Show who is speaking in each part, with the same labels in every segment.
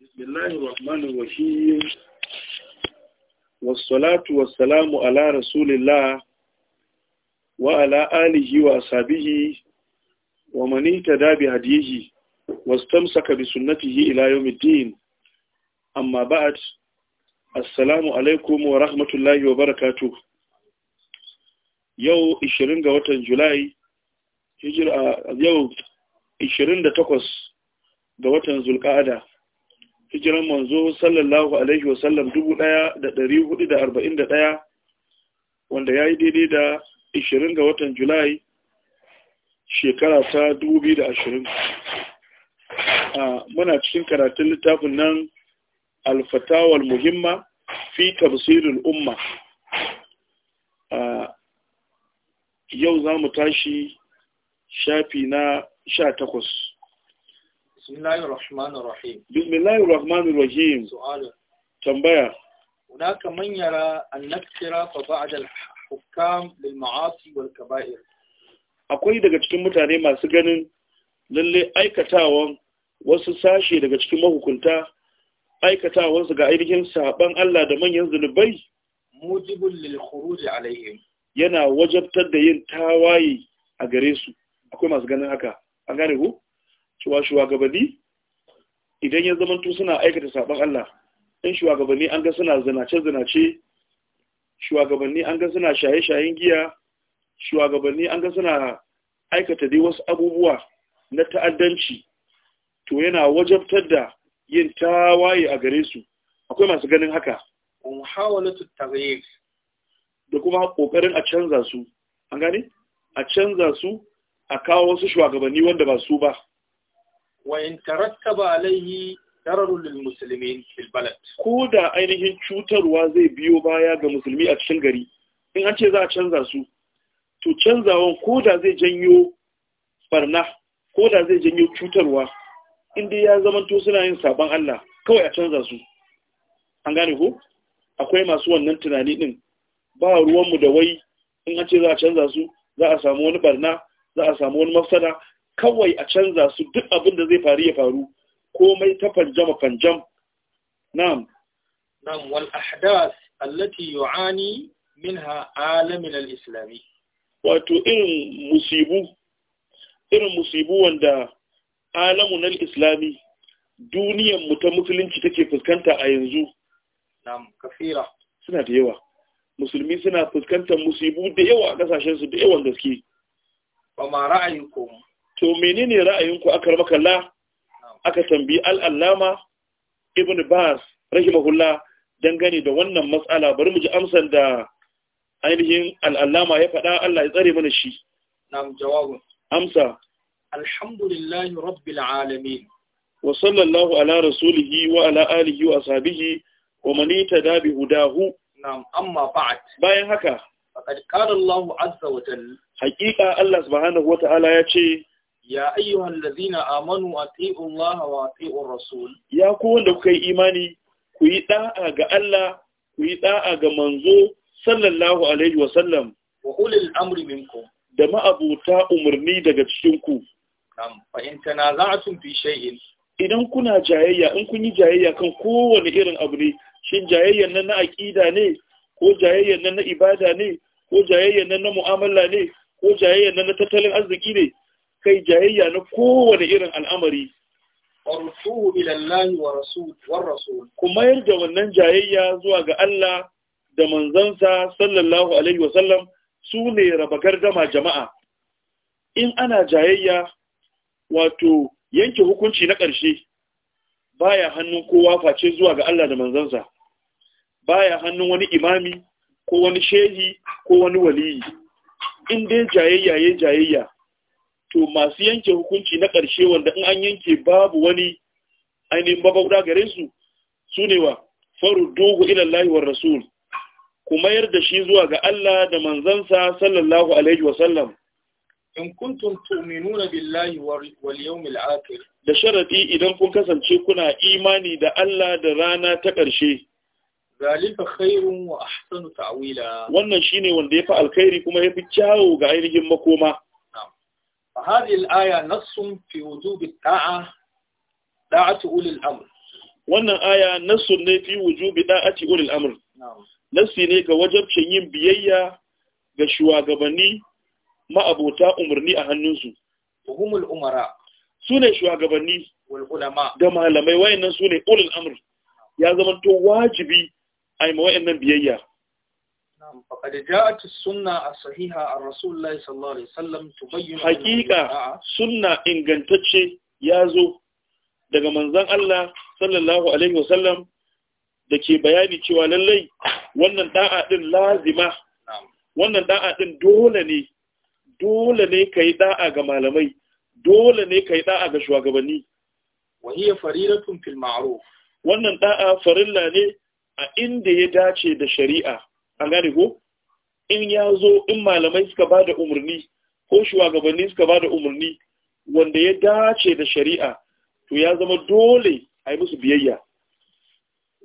Speaker 1: بسم الله الرحمن الرحيم والصلاة والسلام على رسول الله وعلى آله وأصحابه ومن اهتدى بهديه واستمسك بسنته إلى يوم الدين أما بعد السلام عليكم ورحمة الله وبركاته يو 20 watan Julai hijira yau تقص ga watan Zulqa'ada hijiran manzo sallallahu alaihi wasallam ɗaya, wanda ya yi daidai da ishirin ga watan julai shekara ta dubu biyu da ashirin. muna cikin karatun littafin nan alfatawar muhimma fi tafsirin umma yau za mu tashi shafi na sha takwas. Bismillahir Rahmanir Rahim. Rahim. Tambaya. Hunaka man yara an nakira fa ba'da al-hukam lil ma'asi wal kaba'ir. Akwai daga cikin mutane masu ganin lalle aikatawan wasu sashe daga cikin mahukunta su ga ainihin saban Allah da manyan zunubai mujibul lil khuruj alaihim yana wajabtar da yin tawaye a gare su akwai masu ganin haka an gane ku cewa shugabanni idan ya zamanto suna aikata sabon Allah in shugabanni an ga suna zinace-zinace shugabanni an ga suna shaye-shayen giya shugabanni an ga suna aikata dai wasu abubuwa na ta'addanci to yana wajabtar da yin tawaye a gare su akwai masu ganin haka da kuma kokarin a canza su an gane a canza su a kawo wasu shugabanni wanda ba su ba wa in tarattaba alaihi dararul lil muslimin ko da ainihin cutarwa zai biyo baya ga musulmi a cikin gari in an ce za a canza su to canzawan ko da zai janyo barna ko da zai janyo cutarwa inda ya zamanto suna yin sabon Allah kawai a canza su an gane ko akwai masu wannan tunani din ba ruwanmu da wai in an ce za a canza su za a samu wani barna za a samu wani mafsada kawai a canza su duk abin da zai faru ya faru komai ta fanjama fanjam na'am na'am wal ahdath allati yu'ani minha alamin al-islami wato irin musibu irin musibu wanda alamun al-islami duniyar mu ta musulunci take fuskanta a yanzu na'am kafira suna da yawa musulmi suna fuskantar musibu da yawa a kasashen su da yawan gaske ba ma ra'ayinku to menene ra'ayinku aka makalla aka tambayi al'allama ibn bas rahimahullah dangane da wannan matsala bari mu ji amsar da ainihin al'allama ya faɗa Allah ya tsare mana shi na'am jawabu. amsa alhamdulillahi rabbil alamin wa sallallahu ala rasulihi wa ala alihi wa ashabihi wa man ittaba bi hudahu na'am amma ba'd bayan haka faqad qala Allah azza wa jalla haqiqa Allah subhanahu wa ta'ala ya ce ya ayyuhan ladina amanu ati'u Allah wa ati'u Rasul ya ku wanda kuka yi imani ku yi da'a ga Allah ku yi da'a ga manzo sallallahu alaihi wa sallam wa ulil amri minkum da ma'abuta umarni daga cikin ku nam fa in tanaza'tum fi shay'in idan kuna jayayya in kun yi jayayya kan kowane irin abu ne shin jayayyan nan na aqida ne ko jayayyan nan na ibada ne ko jayayyan nan na mu'amala ne ko jayayyan nan na tattalin arziki ne kai jayayya na kowane irin al'amari warfuhu ila Allah wa rasul war rasul kuma yarda wannan jayayya zuwa ga Allah da manzansa sallallahu alaihi wasallam su ne raba gardama jama'a in ana jayayya wato yanke hukunci na ƙarshe baya hannun kowa face zuwa ga Allah da manzansa baya hannun wani imami ko wani shehi ko wani waliyi in dai jayayya yayin jayayya to masu yanke hukunci na ƙarshe wanda in an yanke babu wani ainihin mabauda gare su su ne wa faru dogo ilallahi wa rasul ku mayar da shi zuwa ga Allah da manzansa sallallahu alaihi wa sallam in kuntum tu'minuna billahi wal yawmil akhir da sharadi idan kun kasance kuna imani da Allah da rana ta ƙarshe zalika khairun wa ahsanu ta'wila wannan shine wanda yafi alkhairi kuma yafi kyawu ga ainihin makoma فهذه الآية نص في وجوب الطاعة طاعة أولي الأمر wannan aya nassun ne fi wujubi da'ati ulil amr nassi ne ga wajabcin yin biyayya ga shugabanni ma'abota umarni a hannunsu tuhumul umara shugabanni wal ulama da malamai wayannan sune ulul amr ya zama to wajibi ai ma wayannan biyayya فقد جاءت السنة الصحيحة عن رسول الله صلى الله عليه وسلم تبين حقيقة سنة إن قنتش يازو daga منزان Allah صلى الله عليه da ke bayani cewa lallai wannan da'a din lazima wannan da'a din dole ne dole ne kai da'a ga malamai dole ne kai da'a ga shugabanni wa hiya faridatun fil ma'ruf wannan da'a ne a inda ya dace da shari'a an gane ko in ya zo in malamai suka ba da umarni ko shugabanni suka ba da umarni wanda ya dace da shari'a to ya zama dole a yi musu biyayya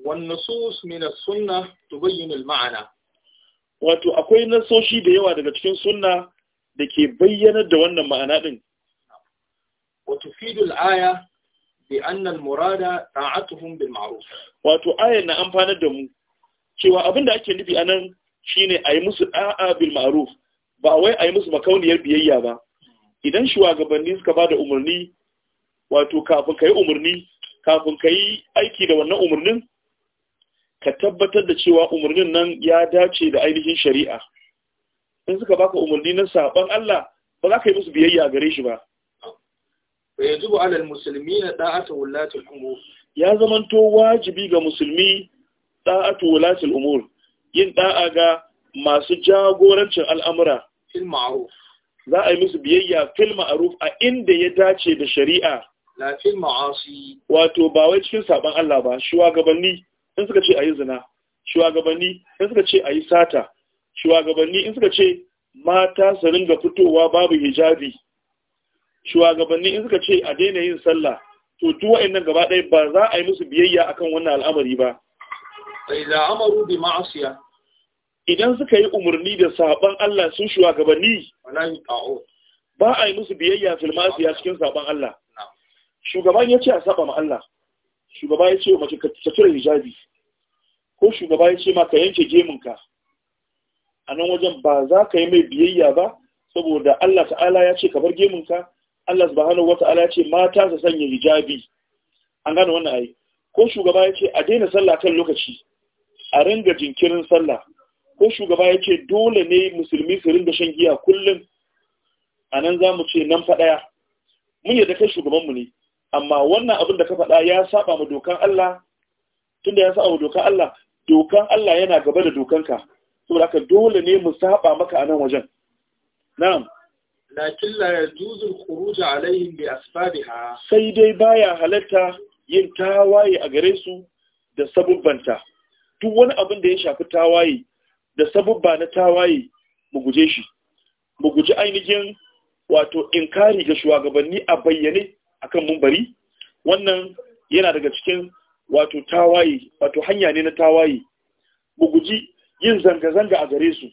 Speaker 1: والنصوص من السنة wato akwai nasoshi da yawa daga cikin sunna da ke bayyanar da wannan ma'ana din wato aya bi anna al murada ta'atuhum bil ma'ruf wato na amfanar da mu cewa abin da ake nufi anan shine ayi yi musu a'a bil ma'ruf ba wai a yi musu makauniyar biyayya ba idan shugabanni suka ba da umarni wato kafin ka yi umarni kafin ka yi aiki da wannan umarnin ka tabbatar da cewa umarnin nan ya dace da ainihin shari'a in suka baka umarni na saban Allah ba za ka yi musu biyayya gare shi ba yajibu alal musulmi na da'ata wulatul umur ya zamanto wajibi ga musulmi da'atu wulatul umur yin da'a ga masu jagorancin al'amura fil ma'ruf za a yi musu biyayya fil ma'ruf a inda ya dace da shari'a la fil ma'asi wato ba wai cikin saban Allah ba shugabanni in suka ce ayi zina shugabanni in suka ce ayi sata shugabanni in suka ce mata su ringa fitowa babu hijabi shugabanni in suka ce a daina yin sallah to duk wa'annan gaba ɗaya ba za a yi musu biyayya akan wannan al'amari ba fa idza amaru bi ma'asiya idan suka yi umarni da saban Allah sun gabanni. wala ta'o. ba a yi musu biyayya fil ma'asiya cikin saban Allah shugaban ya ce a saba ma Allah shugaba ya ce wa mace ka tura hijabi ko shugaba ya ce ma ka yanke geminka a nan wajen ba za ka yi mai biyayya ba saboda Allah ta'ala ya ce ka bar geminka Allah subhanahu wata'ala ya ce mata su sanya hijabi an gane wannan ayi ko shugaba ya ce a daina sallah kan lokaci a ringa jinkirin sallah ko shugaba ya ce dole ne musulmi su ringa shan giya kullum a nan za mu ce nan faɗaya mun yadda kai shugabanmu ne amma wannan abin da ka faɗa ya saba ma dokan Allah tunda ya saba ma dokan Allah dokan Allah yana gaba da dokanka saboda ka dole ne mu saba maka a nan wajen na'am lakin la yajuzu khuruj alaihim bi asbabiha sai dai baya halatta yin tawaye a gare su da sabubbanta duk wani abin da ya shafi tawaye da sabubba na tawaye mu guje shi mu guji ainihin wato inkari ga shugabanni a bayyane akan mumbari wannan yana daga cikin wato tawaye wato hanya ne na tawaye mu guji yin zanga-zanga a gare su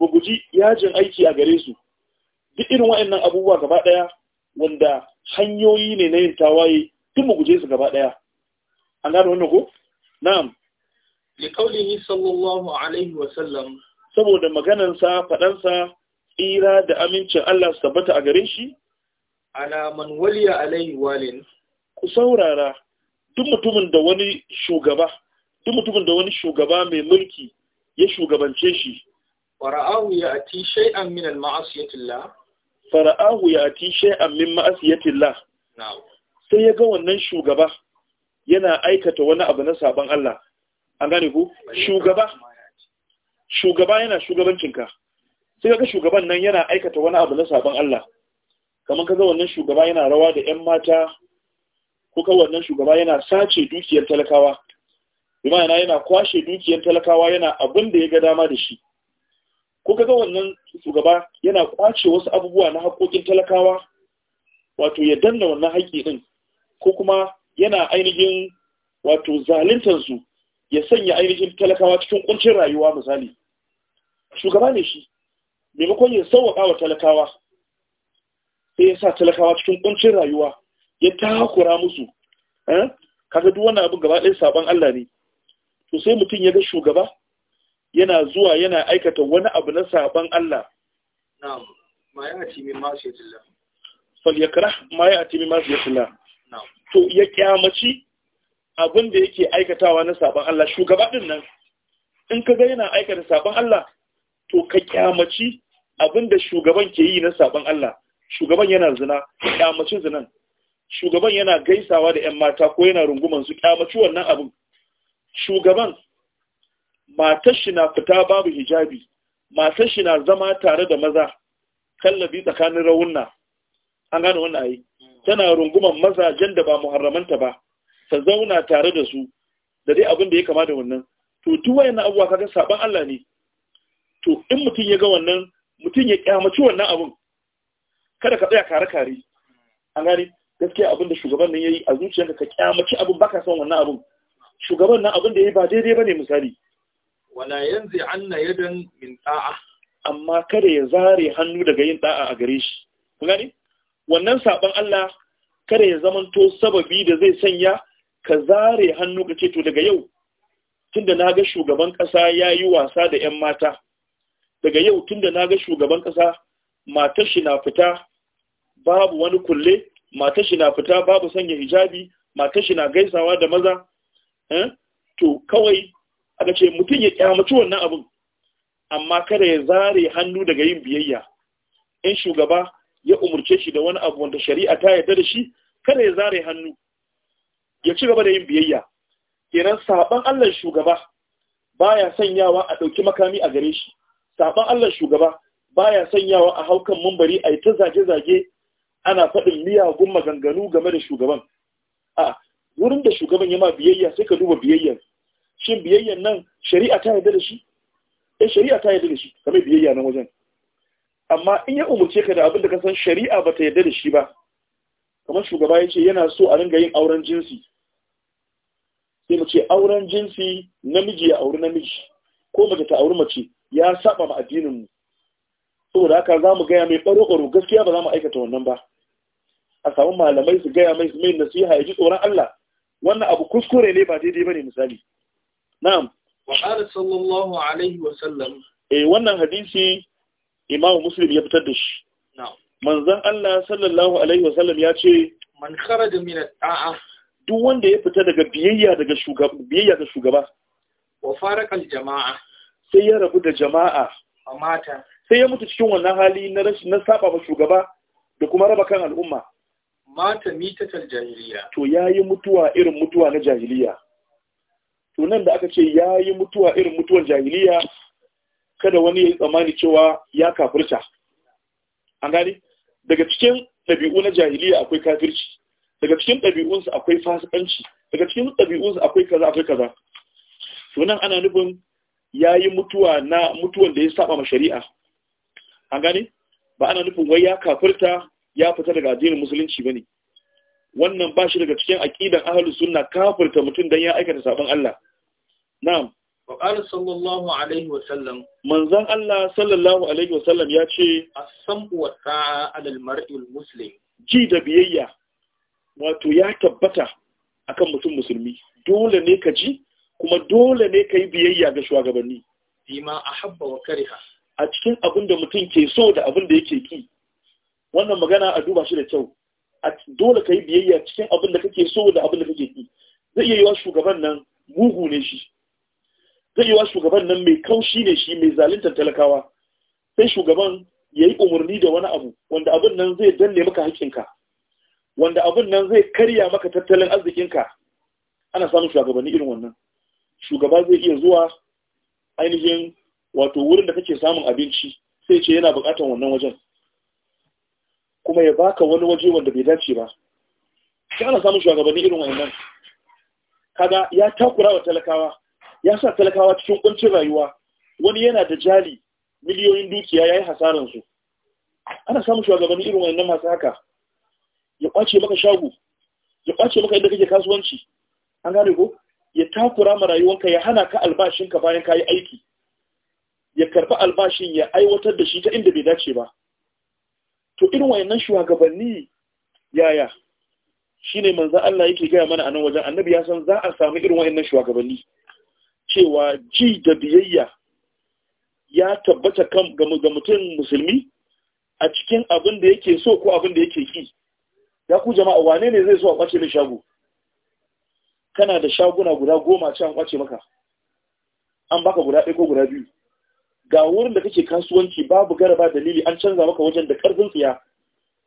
Speaker 1: mu guji yajin aiki a gare su duk irin wa'annan abubuwa gaba daya wanda hanyoyi ne na yin tawaye duk mu guje su gaba daya an gano wannan ko na'am liƙaulihi sallallahu alaihi wa sallam. saboda maganarsa faɗansa tsira da amincin Allah su tabbata a gare shi ala man waliya alaihi walin ku saurara duk mutumin da wani shugaba duk mutumin da wani shugaba mai mulki ya shugabance shi fara'ahu ya ati shay'an min al-ma'asiyatillah fara'ahu ya ati shay'an min ma'asiyatillah na'am sai ya ga wannan shugaba yana aikata wani abu na saban Allah an gane ku shugaba shugaba yana shugabancinka sai ga shugaban nan yana aikata wani abu na sabon Allah kamar kaga wannan shugaba yana rawa da ƴan mata ko kaga wannan shugaba yana sace dukiyar talakawa bimana yana kwashe dukiyar talakawa yana abin da ya ga dama da shi ko kaga wannan shugaba yana kwace wasu abubuwa na haƙoƙin talakawa wato ya danna wannan haƙƙi ko kuma yana ainihin wato zaluntar su ya sanya ainihin talakawa cikin kuncin rayuwa misali shugaba ne shi maimakon ya sauwaka wa talakawa sai ya sa talakawa cikin kuncin rayuwa ya takura musu eh? kaga duk wannan abin gaba ɗaya saban Allah ne to sai mutum ya ga shugaba yana zuwa yana aikata wani abu na saban Allah na'am ma ya ci min masu yatilla fal yakrah ma ya ci min tilla na'am to ya kyamaci abin da yake aikatawa na sabon Allah shugaba din nan in ka ga yana aikata sabon Allah to ka kyamaci abin da shugaban ke yi na sabon Allah shugaban yana zina kyamaci zinan shugaban yana gaisawa da ƴan mata ko yana runguman su kyamaci wannan abin shugaban matar shi na fita babu hijabi matar shi na zama tare da maza kallabi tsakanin rawunna an gane wannan ayi mm. tana runguman mazajen da ba muharramanta ba ta zauna tare da su da dai abin da ya kama da wannan to duk wayannan abubuwa kaga saban Allah ne to in mutum ya ga wannan mutum ya kyamaci wannan abin kada ka tsaya kare kare an gani gaskiya abin da shugaban nan yayi a zuciyarka ka kyamaci abin baka son wannan abin shugaban nan abin da yayi ba daidai bane misali wala yanzu anna yadan min ta'a amma kada ya zare hannu daga yin ta'a a gare shi kun gani wannan saban Allah kada ya zamanto sababi da zai sanya ka zare hannu ka ce to daga yau tunda na ga shugaban ƙasa ya yi wasa da 'yan mata daga yau tunda na ga shugaban ƙasa matar shi na fita babu wani kulle matar shi na fita babu sanya hijabi matar shi na gaisawa da maza eh? to kawai aka ce mutum ya kyamaci wannan abin amma kada ya zare hannu daga yin biyayya in shugaba ya umurce shi da wani abu wanda shari'a ta yarda da shi kada ya zare hannu ya ci gaba da yin biyayya kenan saban Allah shugaba baya sanyawa a dauki makami a gare shi saban Allah shugaba baya sanyawa a haukan mumbari a yi ta zage-zage ana faɗin miyagun maganganu game da shugaban a wurin da shugaban ya ma biyayya sai ka duba biyayyar shin biyayyan nan shari'a ta yarda da shi eh shari'a ta yarda da shi kame biyayya nan wajen amma in ya umurce ka da abin da ka san shari'a ba ta yarda da shi ba kamar shugaba ya ce yana so a ringa yin auren jinsi sai mace ce auren jinsi namiji ya auri namiji ko mace ta auri mace ya saba ma addinin mu saboda haka za mu gaya mai ɓaro-ɓaro gaskiya ba za mu aikata wannan ba a samu malamai su gaya mai mai nasiha ya ji tsoron Allah wannan abu kuskure ne ba daidai ba ne misali na'am wa qala sallallahu alaihi wa sallam eh wannan hadisi imamu muslim ya fitar da shi na'am manzon Allah sallallahu alaihi wa sallam ya ce man kharaja min at-ta'a duk wanda ya fita daga biyayya daga shugaba biyayya ga shugaba wa farakal jama'a sai ya rabu da jama'a amata sai ya mutu cikin wannan hali na rashin na saba ba shugaba da kuma raba kan al'umma mata tal jahiliya to yayi mutuwa irin mutuwa na jahiliya to nan da aka ce yayi mutuwa irin mutuwar jahiliya kada wani ya tsammani cewa ya kafirta an gani daga cikin nabi'u na jahiliya akwai kafirci daga cikin ɗabi'unsu akwai fasikanci daga cikin ɗabi'unsu akwai kaza akwai kaza to ana nufin yayi mutuwa na mutuwan da ya saba ma shari'a an gane ba ana nufin wai ya kafirta ya fita daga addinin musulunci ba ne. wannan ba shi daga cikin aƙidan ahalus sunna kafirta mutum dan ya aikata saban Allah na'am wa sallallahu alaihi wa sallam manzon Allah sallallahu alaihi wa sallam ya ce as-sam'u wa ta'a 'ala al-mar'i muslim ji da biyayya wato ya tabbata akan mutum musulmi dole ne ka ji kuma dole ne ka yi biyayya ga shugabanni a Habba wa kariha a cikin abin da mutum ke so da abin da yake ki wannan magana a duba shi da kyau a dole ka yi biyayya cikin abin da kake so da abin da kake ki zai iya yiwa shugaban nan mugu ne shi zai iya yiwa shugaban nan mai kaushi ne shi mai zaluntar talakawa sai shugaban ya yi umarni da wani abu wanda abin nan zai danne maka haƙƙinka wanda abun nan zai karya maka tattalin arzikinka ana samun shugabanni irin wannan shugaba zai iya zuwa ainihin wato wurin da kake samun abinci sai ce yana bukatan wannan wajen kuma ya baka wani waje wanda bai dace ba sai ana samun shugabanni irin wannan kaga ya takura wa talakawa ya sa talakawa cikin kuncin rayuwa wani yana da jali miliyoyin dukiya ya yi su ana samun shugabanni irin wannan masu haka ya kwace maka shago ya kwace maka inda kake kasuwanci an gane ko ya takura ma rayuwanka ya hana ka albashin ka bayan ka yi aiki ya karɓi albashin ya aiwatar da shi ta inda bai dace ba to irin wayannan shugabanni yaya shine manzo Allah yake gaya mana a nan wajen annabi ya san za a samu irin wayannan shugabanni cewa ji da biyayya ya tabbata kan ga mutum musulmi a cikin abin da yake so ko abin da yake ki ya ku jama'a wane ne zai so a kwace mai shago kana da shaguna guda goma a an kwace maka an baka guda ɗaya ko guda biyu ga wurin da kake kasuwanci babu garaba dalili an canza maka wajen da ƙarfin tsiya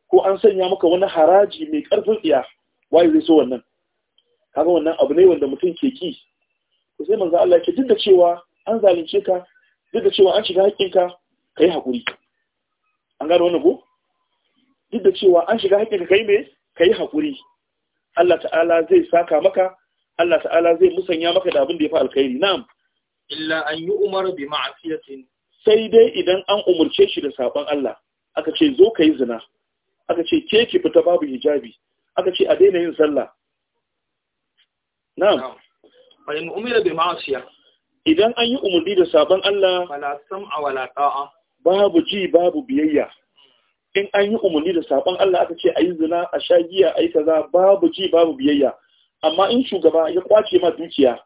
Speaker 1: ko an sanya maka wani haraji mai ƙarfin tsiya waye zai so wannan kaga wannan abu ne wanda mutum ke ki ko sai manzo Allah ke duk da cewa an zalunce ka duk da cewa an shiga haƙƙinka kai hakuri an gano wannan ko duk da cewa an shiga haƙƙin kai ka yi haƙuri Allah ta'ala zai saka maka Allah ta'ala zai musanya maka da abin da ya fi alkhairi na'am illa an yi umar bi ma'asiyatin sai dai idan an umurce shi da sabon Allah aka ce zo ka yi zina aka ce ke ki fita babu hijabi aka ce a daina yin sallah na'am fa umira bi ma'asiya idan an yi umurni da sabon Allah fala sam'a wala ta'a babu ji babu biyayya in an yi umarni da saƙon, Allah aka ce a yi zina a sha giya a yi kaza babu ji babu biyayya amma in shugaba ya kwace ma dukiya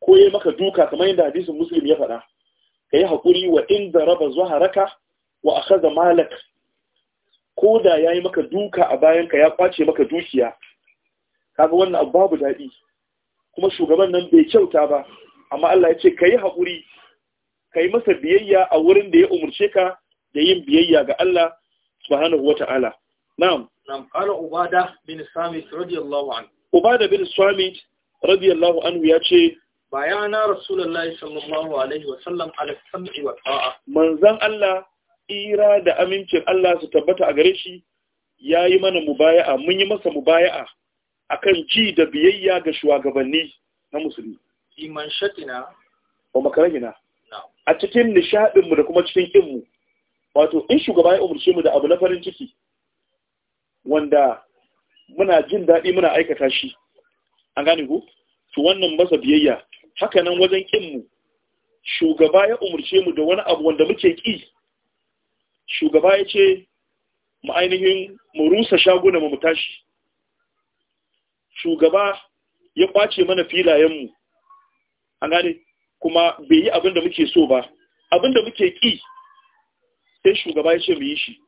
Speaker 1: ko ya maka duka kamar yadda hadisin muslim ya faɗa ka yi haƙuri wa inda raba haraka, wa a kaza malak ko da ya yi maka duka a bayan ka ya kwace maka dukiya kaga wannan abu babu daɗi kuma shugaban nan bai kyauta ba amma Allah ya ce ka yi haƙuri ka yi masa biyayya a wurin da ya umarce ka da yin biyayya ga Allah subhanahu wata'ala na'am na'am qala ubada bin samit radiyallahu anhu ubada bin samit radiyallahu anhu ya ce bayana rasulullahi sallallahu alaihi wa sallam ala sam'i wa ta'a Manzan Allah ira da amincin Allah su tabbata a gare shi yayi mana mubaya'a mun yi masa mubaya'a akan ji da biyayya ga shugabanni na musulmi iman shatina wa makarahina a cikin nishadin mu da kuma cikin kinmu wato in shugaba ya umarce mu da abu na farin ciki wanda muna jin daɗi muna aikata shi an gane ku to wannan masa biyayya haka nan wajen kin mu shugaba ya umarce mu da wani abu wanda muke ki shugaba ya ce mu ainihin mu rusa shaguna mu tashi shugaba ya kwace mana filayenmu an gane kuma bai yi abin da muke so ba abin da muke ki sai shugaba ya ce mu yi shi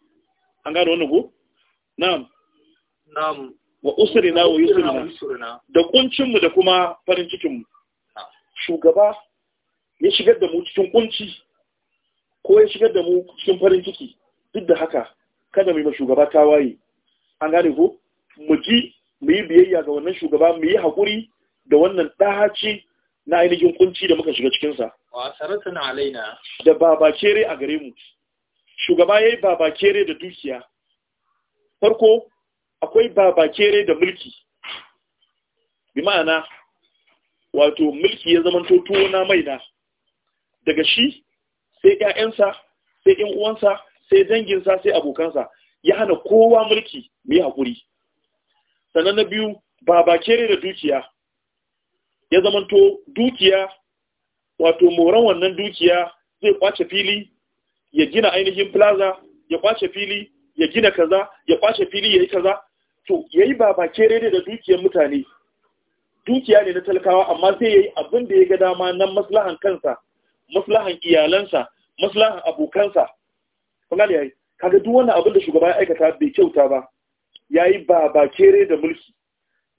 Speaker 1: an gano wani ko na'am na'am wa na wa na da kuncin mu da kuma farin cikin mu shugaba ya shigar da mu cikin kunci ko ya shigar da mu cikin farin ciki duk da haka kada mu yi ma shugaba tawaye an gane ko mu ji mu yi biyayya ga wannan shugaba mu yi haƙuri da wannan ɗahaci na ainihin kunci da muka shiga cikinsa. Wa saratun alaina. Da babacere a gare mu. shugaba ya yi babakere da dukiya farko akwai babakere da mulki bi ma'ana wato mulki ya zama tuwo na maina daga shi sai 'ya'yansa sai 'yan uwansa sai danginsa sai abokansa ya hana kowa mulki mai haƙuri sannan na biyu babakere da dukiya ya zamanto dukiya wato moran wannan dukiya zai kwace fili ya gina ainihin plaza ya kwace fili ya gina kaza ya kwace fili ya yi kaza to ya yi babake rere da dukiyar mutane dukiya ne na talakawa amma sai ya yi abin da ya ga dama na maslahan kansa maslahan iyalansa maslahan abokansa kuma ya yi, kaga duk wannan abin da shugaba ya aikata bai kyauta ba Ya yayi babake da mulki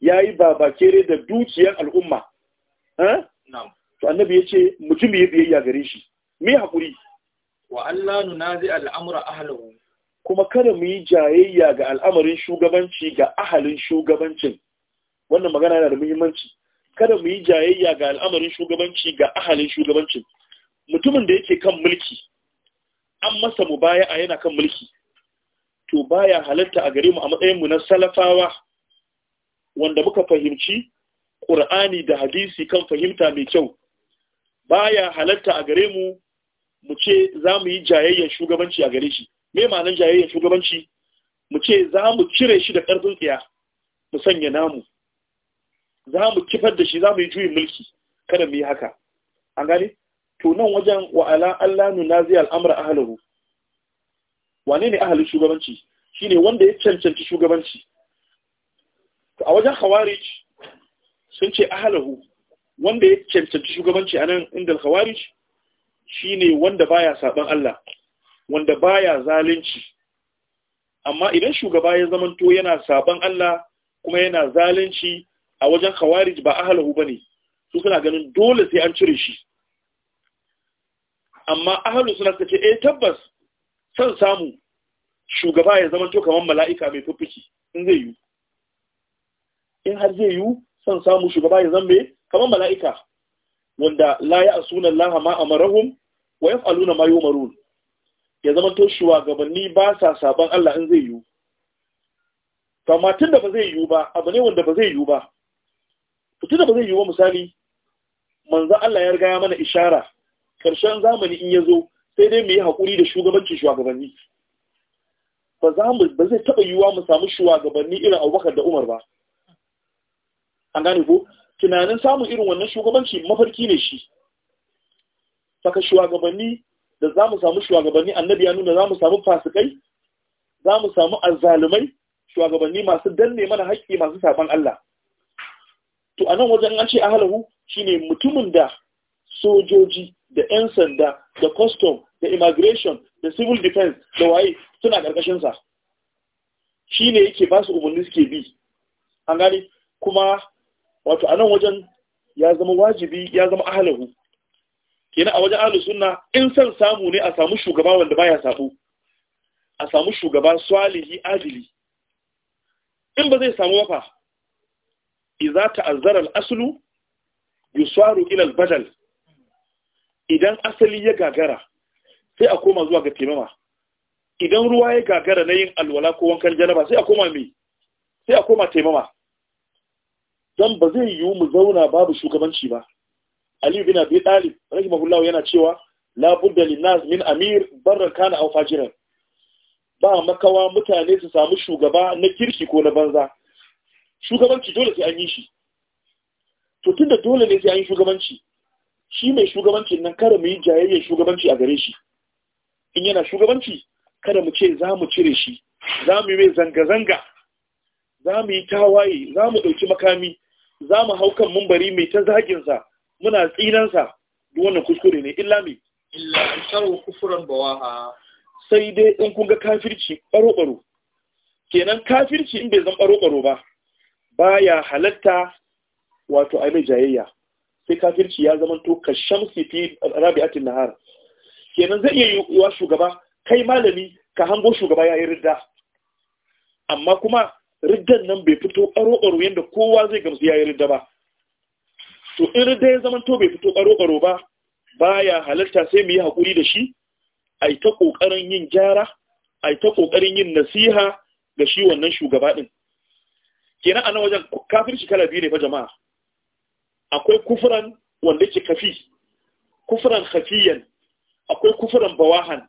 Speaker 1: Ya yayi babake da dukiyar al'umma eh? to annabi ya ce mutum ya biyayya gare shi me hakuri wa Allah nunazi al'amura ahalinmu. kuma kada mu yi jayayya ga al'amarin shugabanci ga ahalin shugabancin wannan magana yana da muhimmanci kada mu yi jayayya ga al'amarin shugabanci ga ahalin shugabancin mutumin da yake kan mulki an masa mu baya a yana kan mulki to baya halatta a gare mu a matsayin mu na salafawa wanda muka fahimci ƙur'ani da hadisi kan fahimta mai kyau baya halatta a gare mu mu ce za mu yi jayayyar shugabanci a gare shi me ma'anar jayayyar shugabanci mu ce za mu cire shi da ƙarfin tsiya mu sanya namu za mu kifar da shi za mu yi juyin mulki kada mu yi haka an gane to nan wajen wa'ala Allah nazi al'amra ahlahu wane ne ahalin shugabanci shine wanda ya cancanci shugabanci a wajen khawarij sun ce ahlahu wanda ya cancanci shugabanci anan inda khawarij Shi ne wanda baya saban Allah wanda baya zalunci amma idan shugaba ya zamanto yana saban Allah kuma yana zalunci a wajen khawarij ba ba ne, su suna ganin dole sai an cire shi amma ahlu suna suka ce eh, tabbas son samu shugaba ya zamanto kamar mala'ika mai fuffuki in zai yi in har zai yi son samu shugaba ya zambe kamar mala'ika wanda la ya asunan laha ma amarahum wa faluna ma yumarun ya zama to shugabanni ba sa saban Allah in zai yiwu amma da ba zai yiwu ba abu ne wanda ba zai yiwu ba tunda ba zai yiwu misali manzo Allah ya riga ya mana ishara karshen zamani in yazo sai dai mu yi hakuri da shugabancin shugabanni ba za mu ba zai taba yiwuwa mu samu shugabanni irin Abubakar da Umar ba an gane ko tunanin samun irin wannan shugabanci mafarki ne shi saka shugabanni da za mu samu shugabanni annabi ya nuna za mu samu fasikai za mu samu azzalumai shugabanni masu danne mana haƙƙi masu saban Allah to anan wajen an ce ahalahu shine mutumin da sojoji da 'yan sanda da custom da immigration da civil defense da waye suna ƙarƙashinsa. Shi ne yake ba su umarni suke bi an gani kuma wato anan wajen ya zama wajibi ya zama ahalahu kenan a wajen ahlus sunna in san samu ne a samu shugaba wanda baya sabo a samu shugaba salihi adili in ba zai samu wafa idza ta'azzara al-aslu yusaru ila al-badal idan asali ya gagara sai a koma zuwa ga taimama idan ruwa ya gagara na yin alwala ko wankan janaba sai a koma me sai a koma taimama don ba zai yiwu mu zauna babu shugabanci ba Aliyu bin Abi Talib rahimahullahu yana cewa la budda linnas min amir barra kana aw fajiran ba makawa mutane su samu shugaba na kirki ko na banza shugabanci dole sai an yi shi to tunda dole ne sai an yi shugabanci shi mai shugabanci nan kada mu yi jayayyen shugabanci a gare shi in yana shugabanci kada mu ce za mu cire shi za mu yi mai zanga-zanga za mu yi tawaye za mu ɗauki makami za mu hau kan mumbari mai ta zaginsa muna tsinansa da wannan kuskure ne illa mai. illa sharu kufuran bawaha sai dai in kun ga kafirci baro-baro kenan kafirci in bai zan baro-baro ba baya halatta wato a mai jayayya sai kafirci ya zama to ka shamsi fi rabi'atin nahar kenan zai iya yiwuwa shugaba kai malami ka hango shugaba ya yi ridda amma kuma riddan nan bai fito baro-baro yadda kowa zai gamsu ya yi ridda ba to in dai ya zaman to bai fito karo-karo ba baya halarta sai mu yi hakuri da shi a yi ta ƙoƙarin yin gyara a yi ta ƙoƙarin yin nasiha ga shi wannan shugaba ɗin kenan a nan wajen shi kala biyu ne fa jama'a akwai kufuran wanda ke kafi kufuran kafiyan akwai kufuran bawahan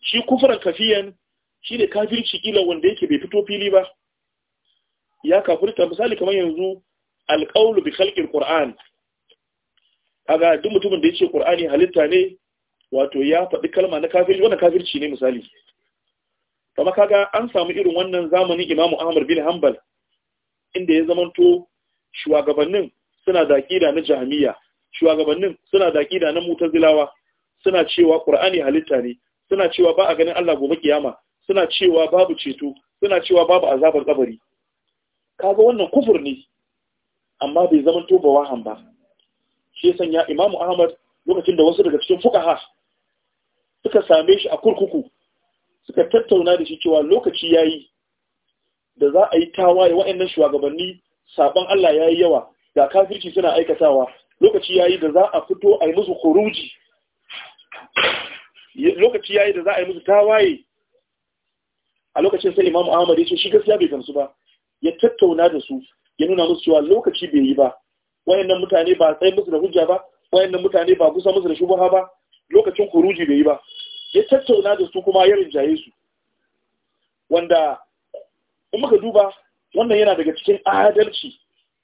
Speaker 1: shi kufuran kafiyan shi ne kafirci kila wanda yake bai fito fili ba ya kafirta misali kamar yanzu alƙaulu bi khalqil qur'an kaga duk mutumin da ya ce qur'ani halitta ne wato ya faɗi kalma na kafirci wannan kafirci ne misali kuma kaga an samu irin wannan zamanin Imam Ahmad bin Hanbal inda ya zamanto shugabannin suna da aqida na Jahmiya shugabannin suna da aqida na Mu'tazilawa suna cewa qur'ani halitta ne suna cewa ba a ganin Allah gobe kiyama suna cewa babu ceto suna cewa babu azabar kabari kaga wannan kufur ne amma bai zama to ba wahan ba shi ya sanya imamu ahmad lokacin da wasu daga cikin fukaha suka same shi a kurkuku suka tattauna da shi cewa lokaci yayi da za a yi tawaye waɗannan shugabanni saban Allah yayi yawa da kafirci suna aikatawa lokaci yayi da za a fito a yi musu khuruji lokaci yayi da za a yi musu tawaye a lokacin sai imamu Ahmad ya ce shi gaskiya bai gamsu ba ya tattauna da su ya nuna musu cewa lokaci bai yi ba wayannan mutane ba tsaye musu da hujja ba wayannan mutane ba kusa musu da shubuha ba lokacin kuruji bai yi ba ya tattauna da su kuma ya rinjaye su wanda in muka duba wannan yana daga cikin adalci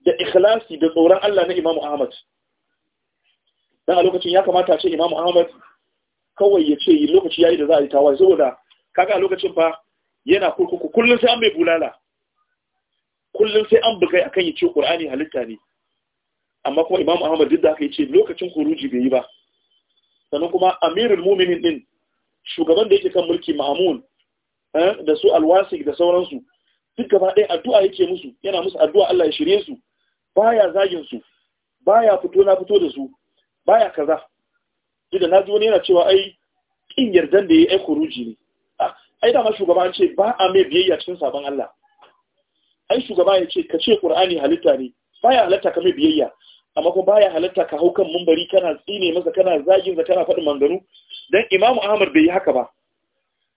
Speaker 1: da ikhlasi da tsoron Allah na Imam Ahmad dan a lokacin ya kamata ce Imam Ahmad kawai ya ce lokaci yayi da za a yi tawaye saboda kaga a lokacin fa yana kurkuku kullum sai an bai bulala kullum sai an bugai akan ya ce qur'ani halitta ne amma kuma imam ahmad duk da aka ce lokacin kuruji bai yi ba sannan kuma amirul mu'minin din shugaban da yake kan mulki eh da su alwasi da sauransu duk gaba ɗaya addu'a yake musu yana musu addu'a Allah ya shirye su baya zagin su baya fito na fito da su baya kaza da na ji wani yana cewa ai kin yardan da yayi ai kuruji ne ah, ai da ma shugaba ce ba a mai biyayya cikin sabon Allah ai shugaba ya ce ka ce qur'ani halitta ne baya halatta ka mai biyayya amma kuma baya halatta ka hau kan mumbari kana tsine masa kana zagin sa kana faɗin manganu dan imam ahmad bai yi haka ba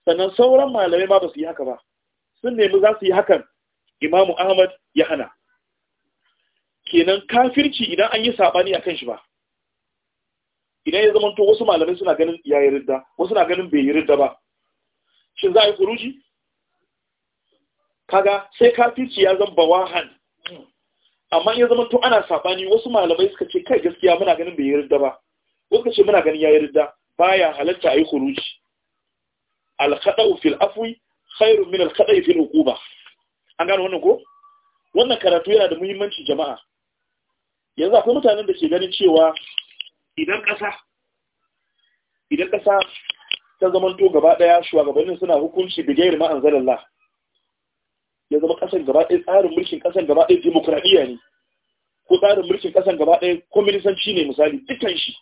Speaker 1: sannan sauran malamai ma ba su yi haka ba sun nemi za su yi hakan imam ahmad ya hana kenan kafirci idan an yi sabani akan shi ba idan ya zama to wasu malamai suna ganin ya yi ridda wasu na ganin bai yi ridda ba shin za a yi kuruji kaga sai kafirci ya zan Wahan. amma ya zama to ana sabani wasu malamai suka ce kai gaskiya muna ganin bai yarda ba wanda ce muna ganin ya yarda baya halatta ayi khuruji al-khada'u fil afwi khairun min al-khada'i fil uquba an gano wannan ko wannan karatu yana da muhimmanci jama'a yanzu akwai mutanen da ke ganin cewa idan ƙasa idan kasa ta zamanto gaba ɗaya shugabannin suna hukunci bigayar ma'anzalallah ya zama kasar gaba ɗaya tsarin mulkin kasar gaba ɗaya demokradiyya ne ko tsarin mulkin kasar gaba ɗaya kwaminisanci ne misali dukkan shi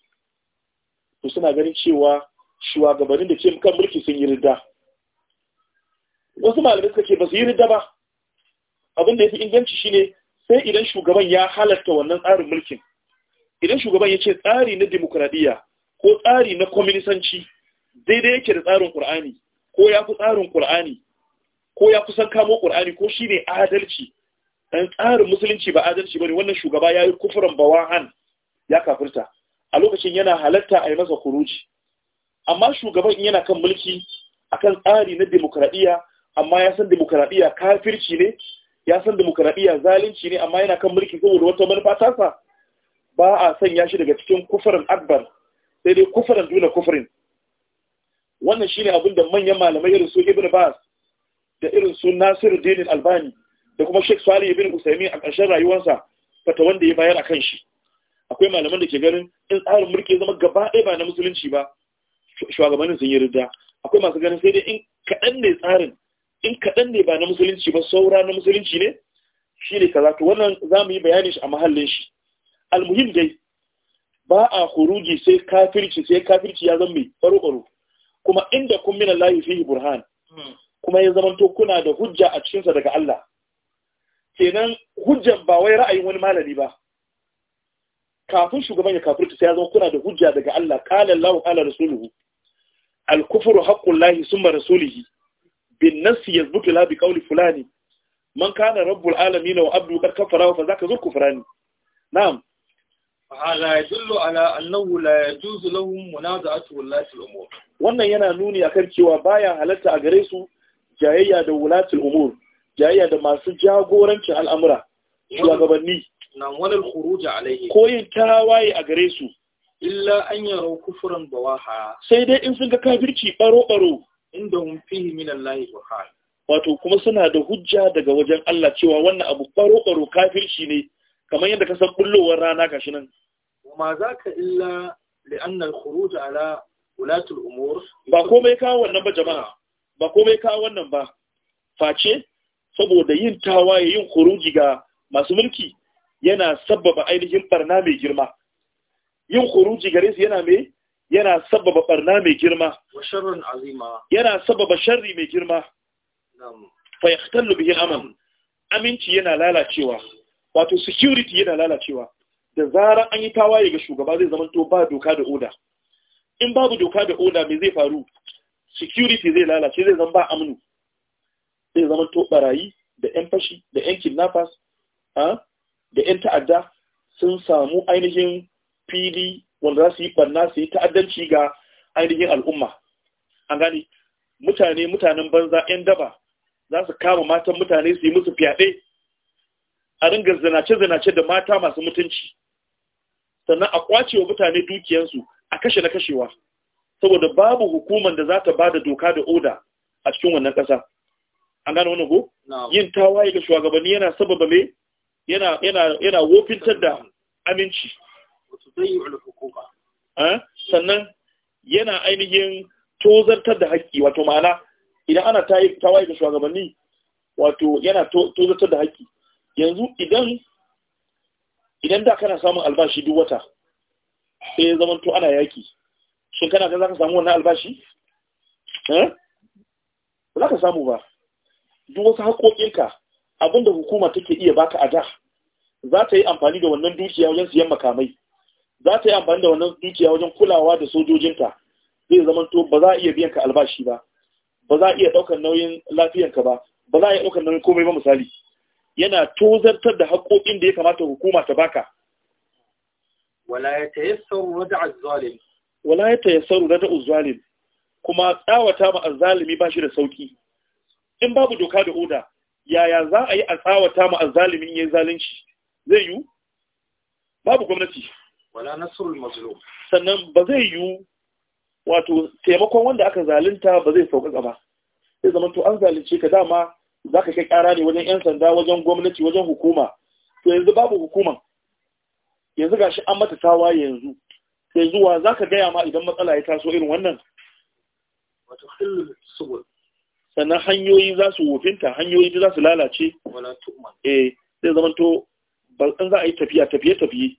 Speaker 1: to suna ganin cewa shugabannin da ke kan mulki sun yi ridda wasu malamai suka ce ba su yi ridda ba abin da ya fi inganci shi ne sai idan shugaban ya halarta wannan tsarin mulkin idan shugaban ya ce tsari na demokradiyya ko tsari na kwaminisanci daidai yake da tsarin ƙur'ani ko ya fi tsarin ƙur'ani ko ya kusan kamo ƙur'ani ko shi ne adalci ɗan tsarin musulunci ba adalci ba ne wannan shugaba ya yi kufurin bawahan ya kafirta a lokacin yana halatta a yi masa kuruji amma shugaban in yana kan mulki a kan tsari na demokradiyya amma ya san demokradiyya kafirci ne ya san demokradiyya zalunci ne amma yana kan mulki saboda wata manufa tasa ba a sanya shi daga cikin kufurin akbar sai dai kufurin duna kufurin wannan shine abin da manyan malamai irin su ibn bas da irin su Nasiru Dinin Albani da kuma Sheikh ya bin usaimi a ƙarshen rayuwarsa fata wanda ya bayar a kan shi akwai malaman da ke ganin in tsarin mulki zama gaba ɗaya ba na musulunci ba shugabannin sun yi ridda akwai masu ganin sai dai in kaɗan ne tsarin in kaɗan ne ba na musulunci ba saura na musulunci ne shi ne kaza to wannan za mu yi bayani shi a mahallin shi almuhim dai ba a huruji sai kafirci sai kafirci ya zama mai baro-baro kuma inda kun mina layi fihi burhan hmm. kuma ya zamanto kuna da hujja a cikinsa daga Allah kenan hujjan ba wai ra'ayin wani malami ba kafin shugaban ya kafirta sai ya zama kuna da hujja daga Allah qala Allahu qala rasuluhu al-kufru haqqul lahi summa rasulihi bin nafsi yazbutu la bi qawli fulani man kana rabbul alamin wa abdu qad kafara fa zaka zul kufrani na'am ala yadullu ala annahu la yajuzu lahum munaza'atu wallati al-umur wannan yana nuni akan cewa baya halatta a gare su jayayya da wulatul umur jayayya da masu jagorancin al'amura
Speaker 2: shugabanni
Speaker 1: na wani khuruja alaihi ko yin tawaye a gare su illa an yaro kufuran bawaha sai dai in sun ga kafirci baro baro inda hum fihi min Allah burhan wato kuma suna da hujja daga wajen Allah cewa wannan abu baro baro kafirci ne kamar yadda ka san bullowar rana kashi nan ma zaka illa li anna al khuruj ala ulatul umur ba komai kawo wannan ba jama'a ba komai kawo wannan ba face saboda yin tawaye yin kuruji ga masu mulki yana sabbaba ainihin barna mai girma yin kuruji gare su yana mai yana sabbaba barna mai girma yana sabbaba sharri mai girma fa yahtallu bihi al-aman aminci yana lalacewa wato security yana lalacewa da zarar an yi tawaye ga shugaba zai zama to ba doka da oda in babu doka da oda me zai faru security zai lalace zai zama ba amnu zai zama to barayi da yan fashi da yan kidnappers da yan ta'adda sun samu ainihin fili wanda za su yi barna su yi ta'addanci ga ainihin al'umma an gani mutane mutanen banza yan daba za su kama matan mutane su yi musu fyaɗe a ringar zanace-zanace da mata masu mutunci sannan a kwace wa mutane dukiyansu a kashe na kashewa saboda babu hukumar da za ta ba da doka da oda a cikin wannan ƙasa an gane wani ko yin tawaye ga shugabanni yana sababa me yana yana yana wofintar da aminci sannan yana ainihin tozartar da haƙƙi wato ma'ana idan ana tawaye ga shugabanni wato yana tozartar da haƙƙi yanzu idan idan da kana samun albashi duk wata sai ya to ana yaki shin kana ga za ka samu wannan albashi eh? ba za ka samu ba duk wasu haƙoƙinka abinda hukuma take iya baka a da za ta yi amfani da wannan dukiya wajen siyan makamai za ta yi amfani da wannan dukiya wajen kulawa da sojojinka zai zama to ba za a iya biyan ka albashi ba ba za a iya ɗaukar nauyin lafiyanka ba ba za a iya ɗaukar nauyin komai ba misali yana tozartar da haƙoƙin da ya kamata hukuma ta baka wala ya tayassaru wad'a zalim wala ya na da Zalim? kuma tsawata ma azzalimi ba shi da sauki in babu doka da oda yaya za a yi a tsawata ma ya yayin zalunci zai yiwu? babu gwamnati wala nasrul mazlum sannan ba zai yiwu? wato taimakon wanda aka zalunta ba zai sauka ba sai zaman to an zalunce ka dama zaka kai ƙara ne wajen yan sanda wajen gwamnati wajen hukuma to yanzu babu hukuma yanzu gashi an mata tawaye yanzu sai zuwa za ka gaya ma idan matsala ya taso irin wannan sannan hanyoyi za su wofinta hanyoyi za su lalace eh zai zama to balkan za a yi tafiya tafiye-tafiye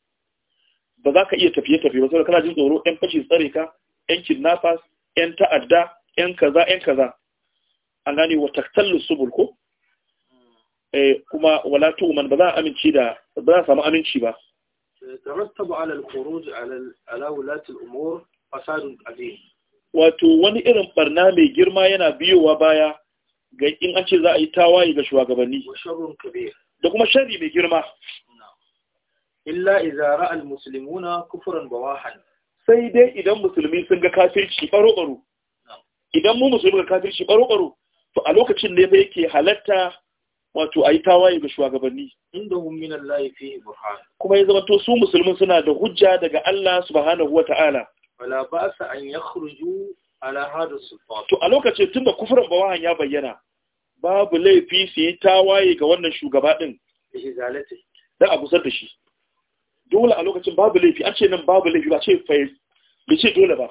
Speaker 1: ba za ka iya tafiye-tafiye ba saboda kana jin tsoro yan fashi tsare ka yan kidnappers yan ta'adda yan kaza yan kaza an gane wa taktallu subul ko hmm. eh kuma wala tu'man ba za a amince da ba za a samu aminci ba ترتب على الخروج على على wulati al فساد عظيم. qadim wato wani irin barna mai girma yana biyowa baya ga in an ce za a yi tawaye ga shugabanni da kuma sharri mai girma illa idza ra'a al-muslimuna kufran bawahan sai dai idan musulmi sun ga kafirci baro baro idan mu musulmi ga kafirci baro baro to a lokacin ne ba yake halatta wato ayi tawaye ga shugabanni inda hum min Allah fi burhan kuma ya zama to su musulmin suna da hujja daga Allah subhanahu wata'ala wala ba'sa an yakhruju ala hada sultan to a lokacin tunda kufurin bawahan ya bayyana babu laifi su yi tawaye ga wannan shugaba din izalati dan a gusar da shi dole a lokacin babu laifi an ce nan babu laifi ba ce fa bai ce dole ba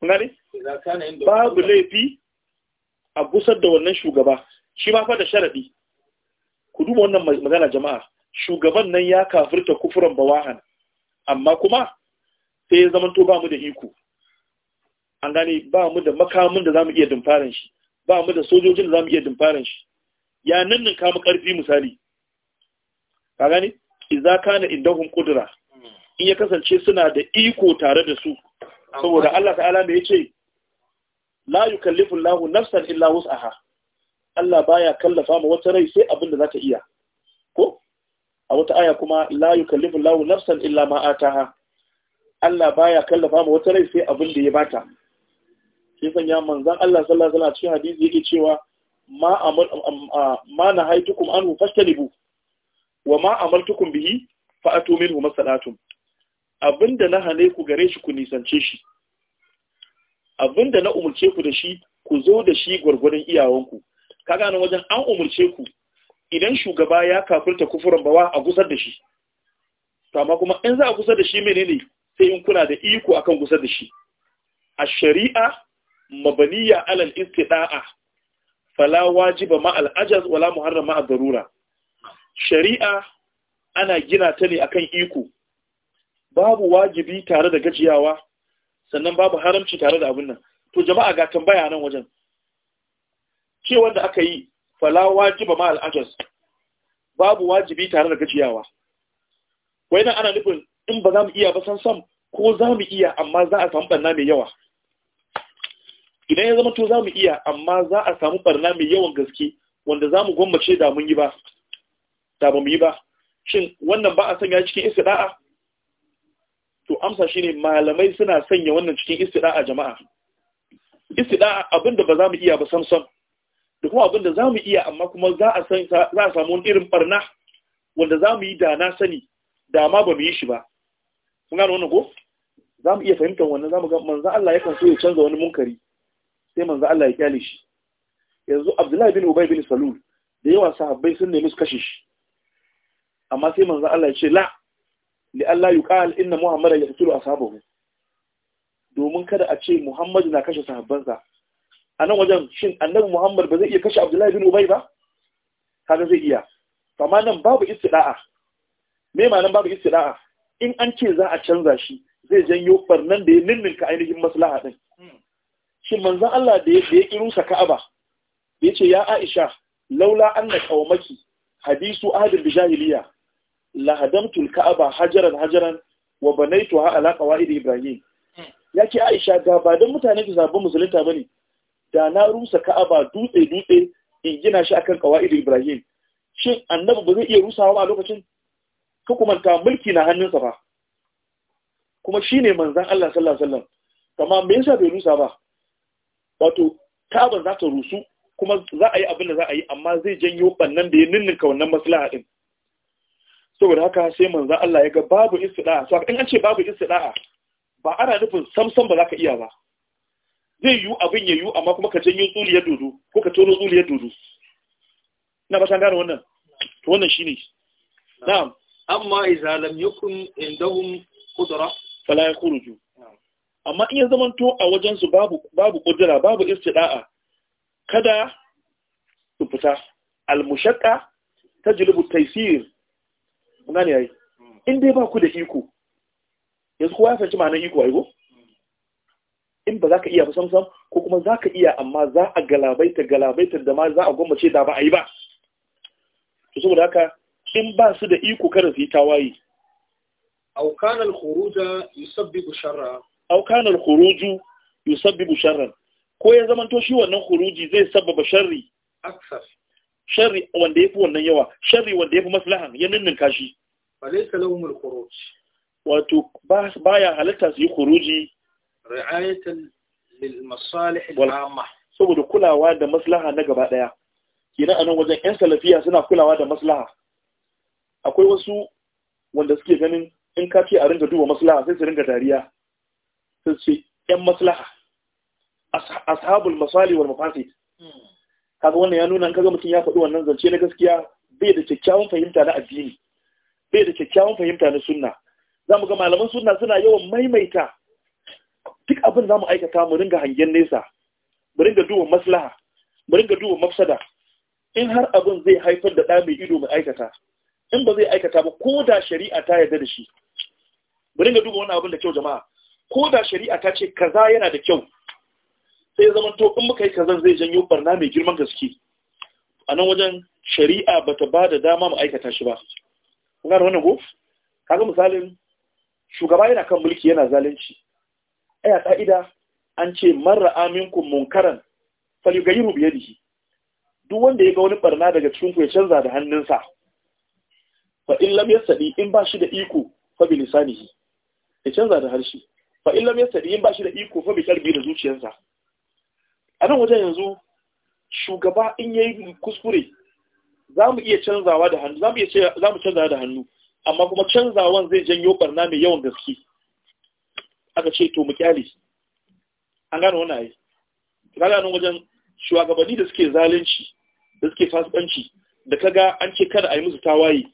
Speaker 1: kun gane babu laifi a gusar da wannan shugaba shi ma fa da sharadi ku duba wannan magana jama'a shugaban nan ya kafirta kufuran bawahan amma kuma sai ya zamanto ba mu da iko an gane ba mu da makamin da zamu iya dumfarin shi ba mu da sojojin da zamu iya dumfarin shi ya nan ka mu karfi misali ka gane idza kana indahum qudra in ya kasance suna da iko tare da su saboda Allah ta'ala ya ce, la yukallifu Allahu nafsan illa wus'aha Allah baya kallafa mu wata rai sai abin da za ta iya ko a wata aya kuma la yukallifu Allahu nafsan illa ma ataha Allah baya kallafa mu wata rai sai abin da ya bata shi sanya manzon Allah sallallahu alaihi wasallam cikin hadisi yake cewa ma amal ma nahaitukum anhu fastalibu wa ma amaltukum bihi fa atu minhu masalatum abinda na hane ku gare shi ku nisance shi abinda na umurce ku da shi ku zo da shi gwargwadon iyawanku ka gane wajen an umurce ku idan shugaba ya kafirta kufurin bawa a gusar da shi to amma kuma in za a gusar da shi menene sai in kuna da iko akan gusar da shi a shari'a mabaniya alal istida'a fala wajiba ma al ajaz wala muharram ma darura shari'a ana gina ta ne akan iko babu wajibi tare da gajiyawa sannan babu haramci tare da abin nan to jama'a ga tambaya nan wajen ce wanda aka yi fala wajiba ma al'ajas babu wajibi tare da gajiyawa wai nan ana nufin in ba za mu iya ba san sam ko za mu iya amma za a samu barna mai yawa idan ya zama to za mu iya amma za a samu barna mai yawan gaske wanda za mu gwammace da mun yi ba da ba mu yi ba shin wannan ba a sanya cikin istida'a to amsa shine malamai suna sanya wannan cikin istida'a jama'a istida'a abinda ba za mu iya ba sam sam da kuma abin da za mu iya amma kuma za a samu wani irin barna wanda za mu yi da na sani da ma ba mu yi shi ba mun gano wannan ko za mu iya fahimtar wannan za mu ga manzo Allah yakan so ya canza wani munkari sai manzo Allah ya kyale shi yanzu Abdullahi bin Ubay bin Salul da yawa sahabbai sun nemi su kashe shi amma sai manzo Allah ya ce la li Allah yuqal inna Muhammadan yaqtulu ashabahu domin kada a ce Muhammadu na kashe sahabbansa a nan wajen shin annabi muhammad ba zai iya kashe abdullahi bin ubay ba kaga zai iya amma nan babu istida'a me ma nan babu istida'a in an ce za a canza shi zai janyo barnan da ya ninninka ainihin maslaha din shin manzon Allah da ya kirusa Ka'aba Ya ce ya Aisha laula anna qaumaki hadisu ahadin bi jahiliya la hadamtul kaaba hajaran hajaran wa banaituha ala qawaid ibrahim hmm. yake Aisha ga ba dan mutane ki zabi musulunta bane da na rusa ka'aba dutse dutse in gina shi akan qawaid ibrahim shin annabi ba zai iya rusawa ba a lokacin ka kumanta mulki na hannunsa ba kuma shine manzon Allah sallallahu alaihi wasallam me yasa bai rusa ba wato ka'aba za ta rusu kuma za a yi abin da za a yi amma zai janyo bannan da ya ninninka wannan maslaha din saboda haka sai manzon Allah ya ga babu istida'a so in an ce babu istida'a ba ana nufin samsam ba za ka iya ba zai yiwu abin ya yiwu amma kuma ka janyo tsuliyar dodo ko ka tono tsuliyar dodo ina ba san gane wannan to wannan shine na'am amma idza lam yakun indahum qudra fala yakhruju amma in ya to a wajen su babu babu qudra babu istida'a kada su fita al-mushaqqa tajlibu at-taysir gane yayi hmm. in dai ba ku da iko yanzu kowa ya fahimci ma'anar iko ai go in ba za ka iya ba sam sam ko kuma za ka iya amma za a galabaita galabaita da ma za a gwammace da ba a yi ba to saboda haka in ba su da iko kada su yi tawaye Aukanar huruja al-khuruja yusabbibu sharra aw kana al-khuruju ko ya zamanto shi wannan huruji zai sababa sharri aksar sharri wanda fi wannan yawa sharri wanda ya fi maslahan ya ninninka shi falaysa lahum al huruji. wato ba ya halatta su yi huruji? ra'ayatan lil masalih al-amma saboda kulawa da maslaha na gaba daya kenan anan wajen ƴan salafiya suna kulawa da maslaha akwai wasu wanda suke ganin in ka ce a ringa duba maslaha sai su ringa dariya sai su ce ƴan maslaha ashabul masalih wal mafasid hmm. kaga wannan ya nuna kaga mutum ya faɗi wannan zance na gaskiya bai da kyakkyawan fahimta na addini bai da kyakkyawan fahimta na sunna za mu ga malaman sunna suna yawan maimaita duk abin za mu aikata mu ringa hangen nesa mu ringa duba maslaha mu ringa duba mafsada in har abin zai haifar da ɗa mai ido mai aikata in ba zai aikata ba ko da shari'a ta yarda da shi mu ringa duba wani abin da kyau jama'a ko da shari'a ta ce kaza yana da kyau sai zaman to in muka yi kazan zai janyo barna mai girman gaske a nan wajen shari'a ba ta ba da dama mu aikata shi ba kun gane wannan gof kaga misalin shugaba yana kan mulki yana zalunci aya ka'ida an ce marra aminkum munkaran falyughayyiru bi yadihi duk wanda ya ga wani barna daga cikin ku ya canza da hannunsa fa in lam yastadi in ba shi da iko fa bi lisanihi ya canza da harshe fa in lam yastadi in ba shi da iko fa bi kalbi da zuciyarsa a nan wajen yanzu shugaba in yayi kuskure za mu iya canzawa da hannu za mu iya canza da hannu amma kuma canzawan zai janyo barna mai yawan gaske aka ce to mu an gane wani ayi ka wajen shugabanni da suke zalunci da suke fasikanci da kaga an ce kada a yi musu tawaye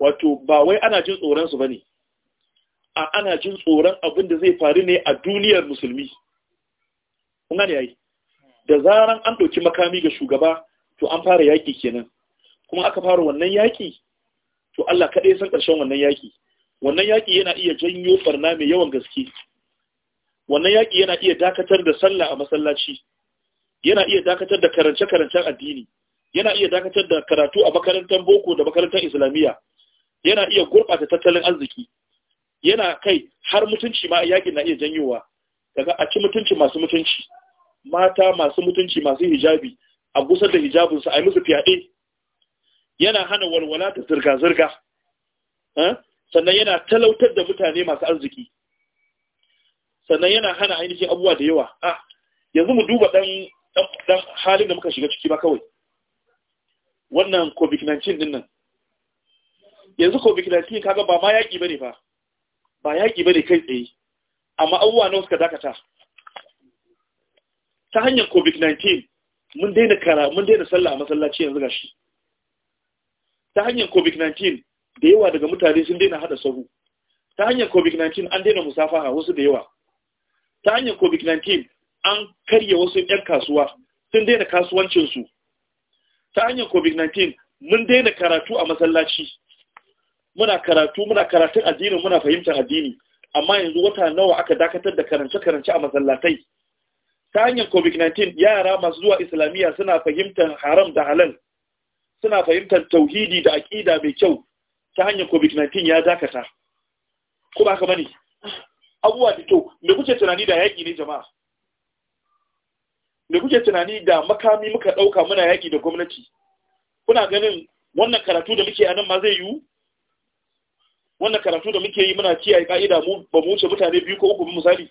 Speaker 1: wato ba wai ana jin tsoron su bane a ana jin tsoron abin da zai faru ne a duniyar musulmi kun gane yayi da zaran an ɗauki makami ga shugaba to an fara yaƙi kenan kuma aka fara wannan yaƙi to Allah kaɗai san ƙarshen wannan yaki wannan yaƙi yana iya janyo barna mai yawan gaske wannan yaƙi yana iya dakatar da sallah a masallaci yana iya dakatar da karance-karancen addini yana iya dakatar da karatu a makarantar boko da makarantar islamiyya yana iya gurɓata tattalin arziki yana kai har mutunci ma yaƙin na iya janyowa daga a ci mutunci masu mutunci mata masu mutunci masu hijabi a gusar da hijabinsu a yi musu fyaɗe yana hana walwala da zirga-zirga eh? sannan yana talautar da mutane masu arziki sannan yana hana ainihin abubuwa da yawa A ah, yanzu mu duba dan halin da muka shiga ciki ba kawai wannan covid-19 din nan yanzu covid-19 kaga ba ma ba ne fa ba yaƙi ba ne kai tsaye amma abubuwa nawa suka dakata ta hanyar covid-19 mun daina kara mun daina sallah a masallaci yanzu gashi ta hanyar covid-19 da yawa daga mutane sun daina hada sahu ta hanyar covid-19 an daina musafaha wasu da yawa ta hanyar covid-19 an karya wasu 'yan kasuwa sun daina kasuwancinsu ta hanyar covid-19 mun daina karatu a masallaci muna karatu muna karatun addini muna fahimtar addini amma yanzu wata nawa aka dakatar da karance-karance a masallatai ta hanyar covid-19 yara masu zuwa islamiyya suna fahimtar haram da halal suna fahimtar tauhidi da aƙida mai kyau ta hanyar covid-19 ya dakata ko ba ka bane abubuwa da kyau me kuke tunani da yaƙi ne jama'a me kuke tunani da makami muka ɗauka muna yaƙi da gwamnati kuna ganin wannan karatu da muke a nan ma zai yiwu wannan karatu da muke yi muna kiyaye ka'ida mu ba mu wuce mutane biyu ko uku misali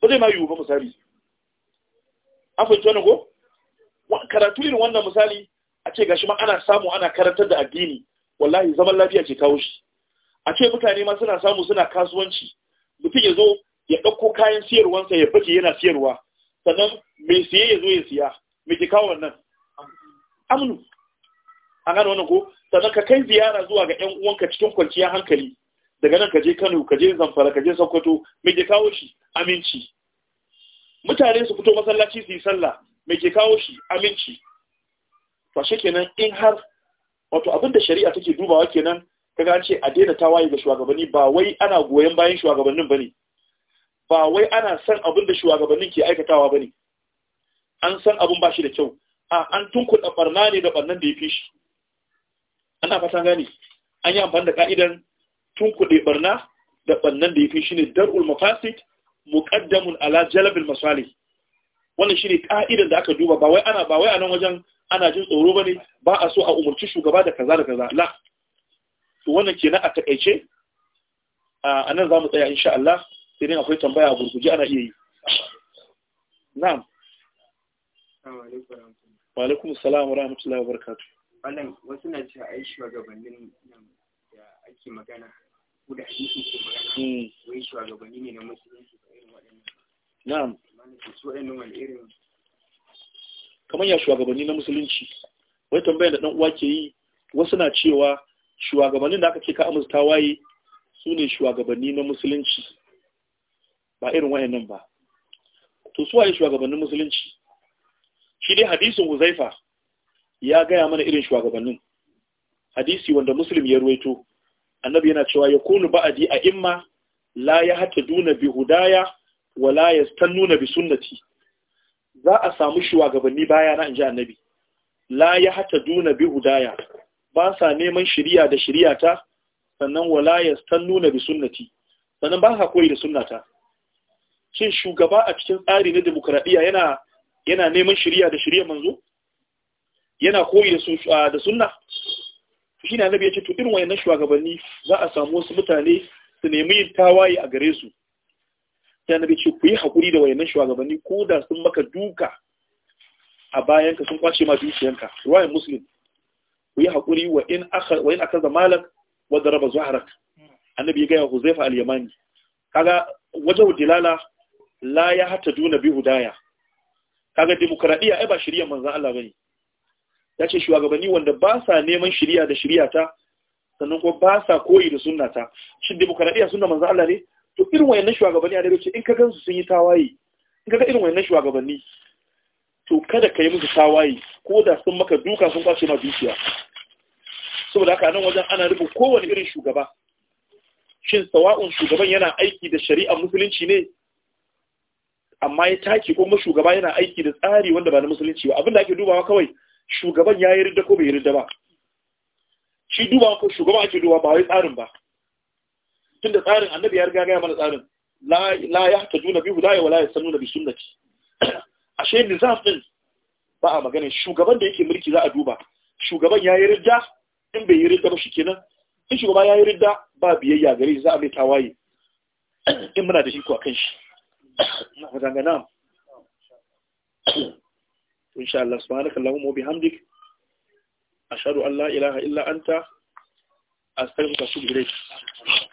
Speaker 1: ba zai ma yiwu ba misali an fahimci wannan ko karatu irin wannan misali a ce gashi ma ana samu ana karantar da addini wallahi zaman lafiya ke kawo shi a ce mutane ma suna samu suna kasuwanci mutum ya zo ya ɗauko kayan siyarwansa ya bace yana siyarwa sannan mai siye ya zo ya siya mai ke kawo wannan amnu "A gane wannan ko sannan ka kai ziyara zuwa ga yan uwanka cikin kwanciyar hankali daga nan ka je Kano ka je Zamfara ka je Sokoto mai ke kawo shi aminci mutane su fito masallaci su yi sallah mai ke kawo shi aminci to kenan in har wato abin da shari'a take dubawa kenan kaga an ce a daina tawaye ga shugabanni ba wai ana goyon bayan shugabannin bane ba wai ana san abin da shugabannin ke aikatawa bane an san abin ba shi da kyau a an tunkuɗa barna ne da barnan da ya fi shi ana fatan gane an yi amfani da ka'idan tunkuɗe barna da barnan da ya fi shi ne dar'ul mafasid muqaddamun ala jalbil masali wannan shine ka'idan da aka duba ba wai ana ba wai a nan wajen ana jin tsoro bane ba a so a umarci shugaba da kaza da kaza la to wannan kenan a takaice a nan zamu tsaya insha Allah sai dai akwai tambaya a gurguje ana iya yi na'am wa alaikum salam wa rahmatullahi wa barakatuh wannan wasu na ce ai shugabannin nan da ake magana ko da hadisi ke magana hmm. wai shugabanni ne na musulunci irin waɗannan na'am su waɗannan irin kamar ya shugabanni na musulunci wai tambayar da dan uwa ke yi wasu na cewa shugabannin da aka ce ka amsa tawaye su ne shugabanni na musulunci ba irin wayannan ba to su waye shugabannin musulunci shi dai hadisin Huzaifa ya gaya mana irin shugabannin hadisi wanda muslim ya ruwaito annabi yana cewa ya kunu ba'adi a imma la ya hata duna bi hudaya wala yastannuna bi sunnati za a samu shugabanni baya na inji annabi la ya hata duna bi hudaya ba sa neman shiriya da shiriya ta sannan wala ya nuna bi sunnati sannan ba ka koyi da sunnata shin shugaba a cikin tsari na demokradiyya yana yana neman shiriya da shiriya manzo yana koyi da su da sunna shi ne annabi ya ce to irin wayannan shugabanni za a samu wasu mutane su nemi tawaye a gare su sai na ce ku yi hakuri da wayannan shugabanni ko da sun maka duka a bayanka sun kwace ma dukiyanka ruwayan muslim ku yi hakuri wa in aka wa in aka zamalak wa daraba zuharak annabi ga huzaifa al-yamani kaga wajen dilala la ya hata duna bi hudaya kaga demokradiya ai ba shirya manzan Allah bane yace shugabanni wanda ba sa neman shirya da shirya ta sannan kuma ba sa koyi da sunna ta shin demokradiya sunna manzan Allah ne to irin wayannan shugabanni a ce in ka gansu sun yi tawaye in ka ga irin wayannan shugabanni to kada ka yi musu tawaye ko da sun maka duka sun kwace ma dukiya saboda haka nan wajen ana rufe kowane irin shugaba shin sawa'un shugaban yana aiki da shari'a musulunci ne amma ya take kuma shugaba yana aiki da tsari wanda ba na musulunci ba abinda ake dubawa kawai shugaban ya yi ridda ko bai ridda ba shi dubawa ko shugaba ake dubawa ba wai tsarin ba tunda tsarin annabi ya riga gaya mana tsarin la ya ta juna biyu la ya wala ya sanu na bisun da ci ashe nizaf din ba a magana shugaban da yake mulki za a duba shugaban ya yi ridda in bai yi ridda ba shikenan in shugaba ya yi ridda ba biyayya gare shi za a mai tawaye in muna da iko a kan shi na wadanga na in sha Allah subhanaka Allahumma wa bihamdik ashhadu an la ilaha illa anta astaghfiruka wa atubu ilayk